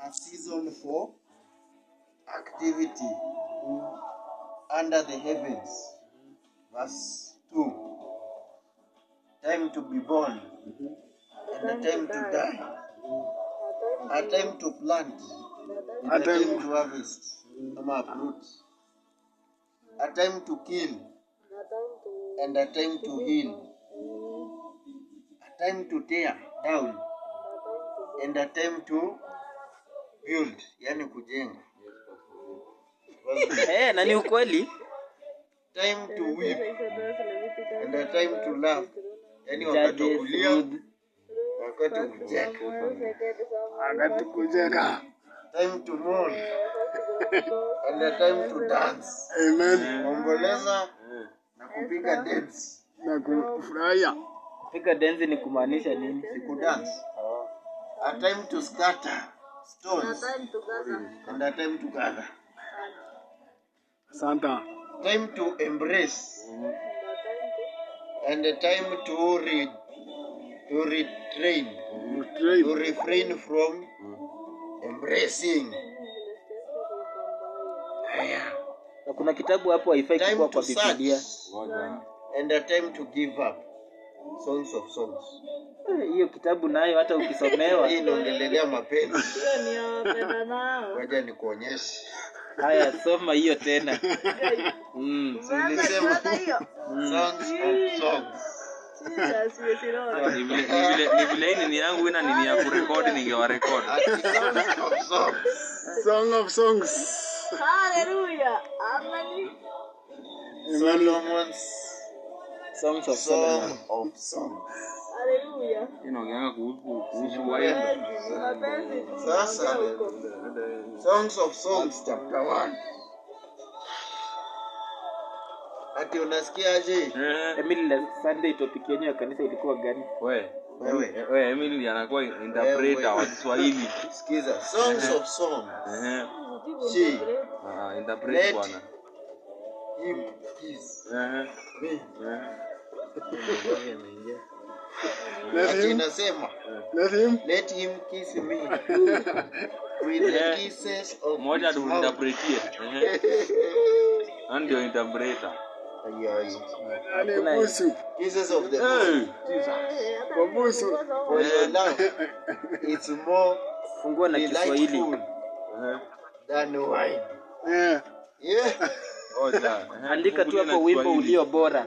a season for activity under the heavens. Verse 2 Time to be born, and a time to die, a time to plant, a time to harvest, ama uproot, a time to kill, and a time to heal, a time to tear down, and a time to build yani kujenga eh, na ni ukweli time to weep and a time to laugh yani wakati wa kulia wakati wa kucheka wakati kucheka time to mourn and a time to dance amen ongeleza na kupiga dance na oh. kufurahia kupiga dance ni kumaanisha nini? Ni kudance. Oh. A time to scatter stones time to gather. Time to embrace and time to read. To retrain, to refrain from mm. embracing. Haya, kuna kitabu hapo haifai kuwa kwa Biblia. And a time to give up. Songs of Songs hiyo kitabu nayo hata ukisomewa inaongelelea mapenzi. Ngoja nikuonyeshe. Haya, soma hiyo tena. Mm. So nilisema mm. songs Ni yangu ina nini ya kurekodi, ningewarekodi song Solomon's Psalms of Solomon. Sasa Songs of Songs chapter 1. Ati unasikiaje? Eh. Emily Sunday topic yenyewe ya kanisa ilikuwa gani? Wewe wewe Emily anakuwa interpreter wa Kiswahili. Sikiza, Songs of Songs. Eh. Ah, interpret bwana. Eh. Eh inasema let him kiss me with the kisses of moja kisses of the for your love it's more fungua na Kiswahili than wine yeah yeah andika tu hapo wimbo ulio bora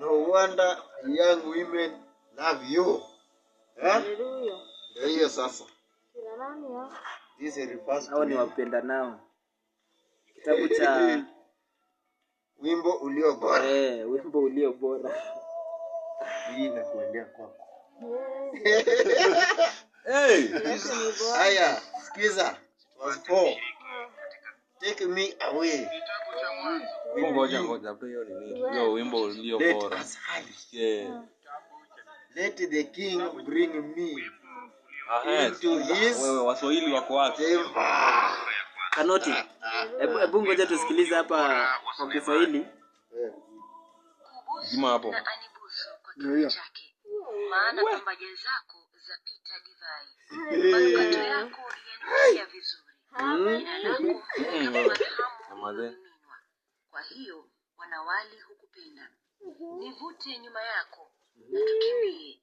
wonder young women love you. Eh? Ndio hiyo sasa. hao? ni wapenda nao. Kitabu cha wimbo ulio bora. Eh, wimbo ulio bora. Hii kwako. Hey, haya, sikiza. Take me away. Kitabu cha mwanzo ngoja ngoja hiyo nini hiyo wimbo ulio bora let the king bring me wewe waswahili wako wapi kanoti hebu ngoja tusikilize hapa kwa kiswahili eh. zima hapo maana pambaja zako zapita divai manukato yako yananukia vizuri hmm. jina lako hmm, kama kwa hiyo wanawali hukupenda mhm. nivute nyuma yako na mhm. tukimbie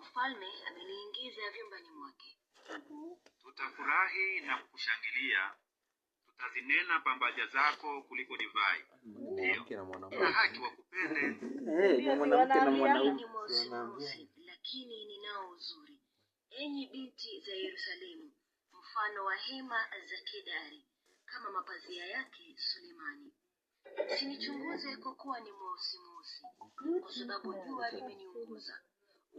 mfalme ameliingiza vyumbani mwake mhm. tutafurahi na kukushangilia tutazinena pambaja zako kuliko divai na haki wa eh, lakini ninao uzuri enyi binti za yerusalemu mfano wa hema za kedari kama mapazia yake sulemani sinichunguze kwa kuwa ni mweusi mweusi, kwa sababu jua limeniunguza.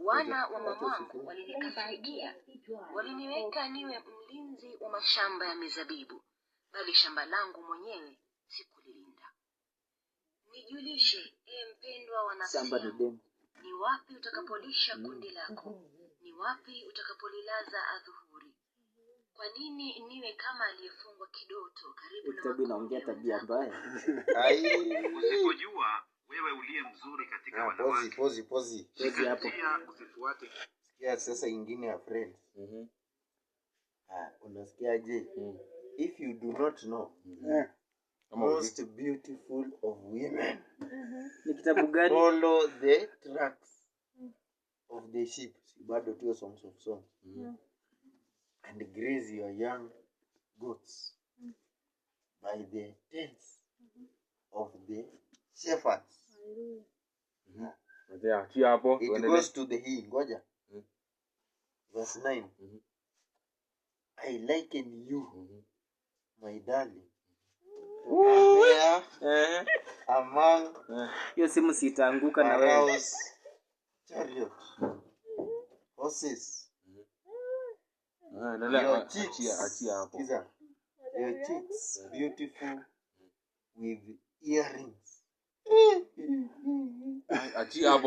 Wana wa mamangu walinikasirikia, waliniweka niwe mlinzi wa mashamba ya mizabibu, bali shamba langu mwenyewe sikulilinda. Nijulishe, e mpendwa wa nafsi ni wapi utakapolisha kundi lako? Ni wapi utakapolilaza adhuhuri? kwa nini niwe kama aliyefungwa kidoto karibu na tabia naongea tabia mbaya usipojua wewe uliye mzuri katika ah, wanawake pozi pozi pozi hapo usifuate sasa ingine ya friend mhm ah, unasikiaje mhm. if you do not know mm-hmm. most beautiful of women mhm. ni kitabu gani follow the tracks of the sheep bado tuyo songs of songs mm-hmm and graze your young goats mm. by the tents mm-hmm. of the shepherds. Mm-hmm. Yeah. It goes to the hii ngoja mm. verse 9 mm-hmm. I liken you mm-hmm. my darling to uh-huh. among eh. hiyo simu sitaanguka na wewe chariot horses Achia hapo. Sikiza. Your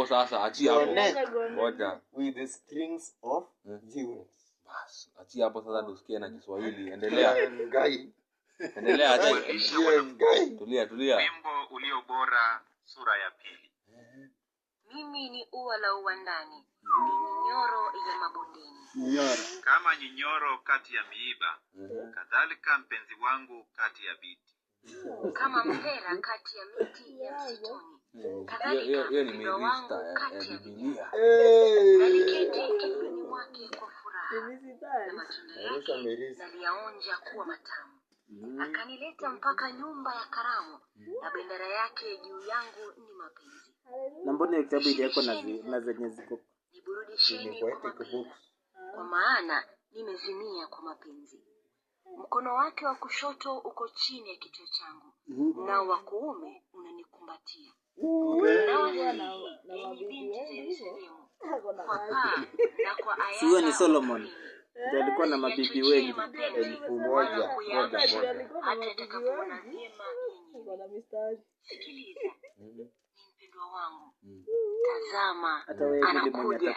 sasa, hapo. sasa tusikie na Kiswahili. Endelea. Endelea Tulia, tulia. Wimbo ulio bora sura ya pili. Mimi ni ua la uwandani. Mm. Minyoro ya mabondeni. Kama nyinyoro kati ya miiba, mhm. kadhalika mpenzi wangu kati ya biti. Kama mpera kati ya miti ya msituni, mhm. kadhalika ni wangu eh, kati eh, ya vijana. Aliketi mwake kwa furaha, na matunda yake aliyaonja kuwa matamu. Mhm. Akanileta mpaka nyumba ya karamu, na bendera yake juu yangu ni mapenzi. Na mbona kitabu na zenye ziko jiburudisheni kwa mapenzi, kwa maana nimezimia kwa mapenzi. Mkono wake wa kushoto uko chini ya kichwa changu, mm-hmm. nao wa kuume unanikumbatia. Huyo ni Solomon ndio alikuwa na mabibi wengi elfu moja moja moja. Hata mpendwa wangu mm. tazama anakuja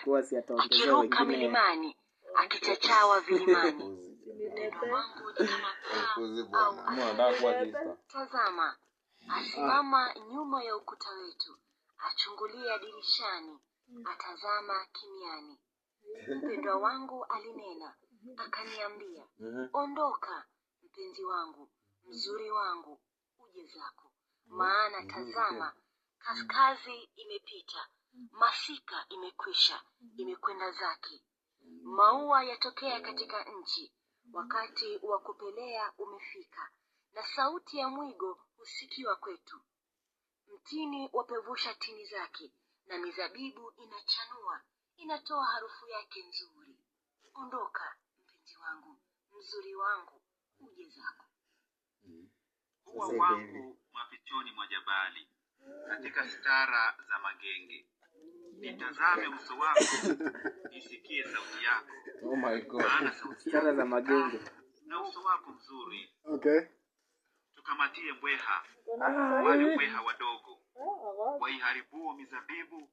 akiruka milimani akichachawa vilimani tazama ah. asimama nyuma ya ukuta wetu achungulia dirishani atazama kimiani mpendwa wangu alinena akaniambia ondoka mpenzi wangu mzuri wangu uje zako maana mm. tazama mm kaskazi imepita masika imekwisha imekwenda zake maua yatokea katika nchi wakati wa kupelea umefika na sauti ya mwigo husikiwa kwetu mtini wapevusha tini zake na mizabibu inachanua inatoa harufu yake nzuri ondoka mpenzi wangu mzuri wangu uje zako huwa wangu mafichoni mwa jabali katika stara za magenge. Nitazame uso wako, nisikie sauti yako. Oh my God. Maana sauti stara za magenge na uso wako mzuri. Okay. Tukamatie mbweha, ah. wale mbweha wadogo ah, waiharibuo mizabibu,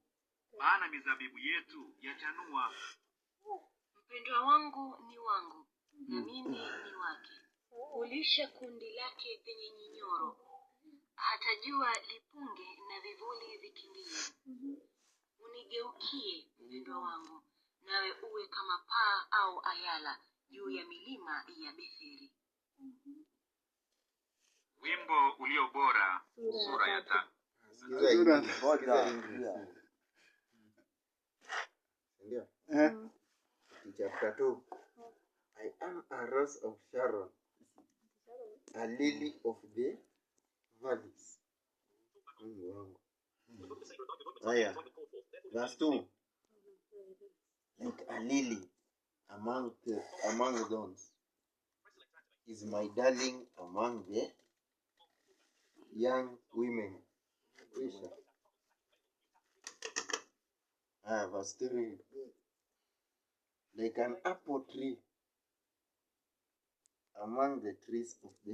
maana mizabibu yetu yachanua. Mpendwa wangu ni wangu na hmm. mimi ni wake, ulisha kundi lake penye nyinyoro hata jua lipunge na vivuli vikimbie unigeukie mpendwa wangu nawe uwe kama paa au ayala juu ya milima ya betheri wimbo ulio bora sura ya tano i am a rose of sharon a lily of the Oh yeah, that's true. 2. Like a lily among, the, among dons, is my darling among the young women. Pressure. Ah, verse 3. Like an apple tree among the trees of the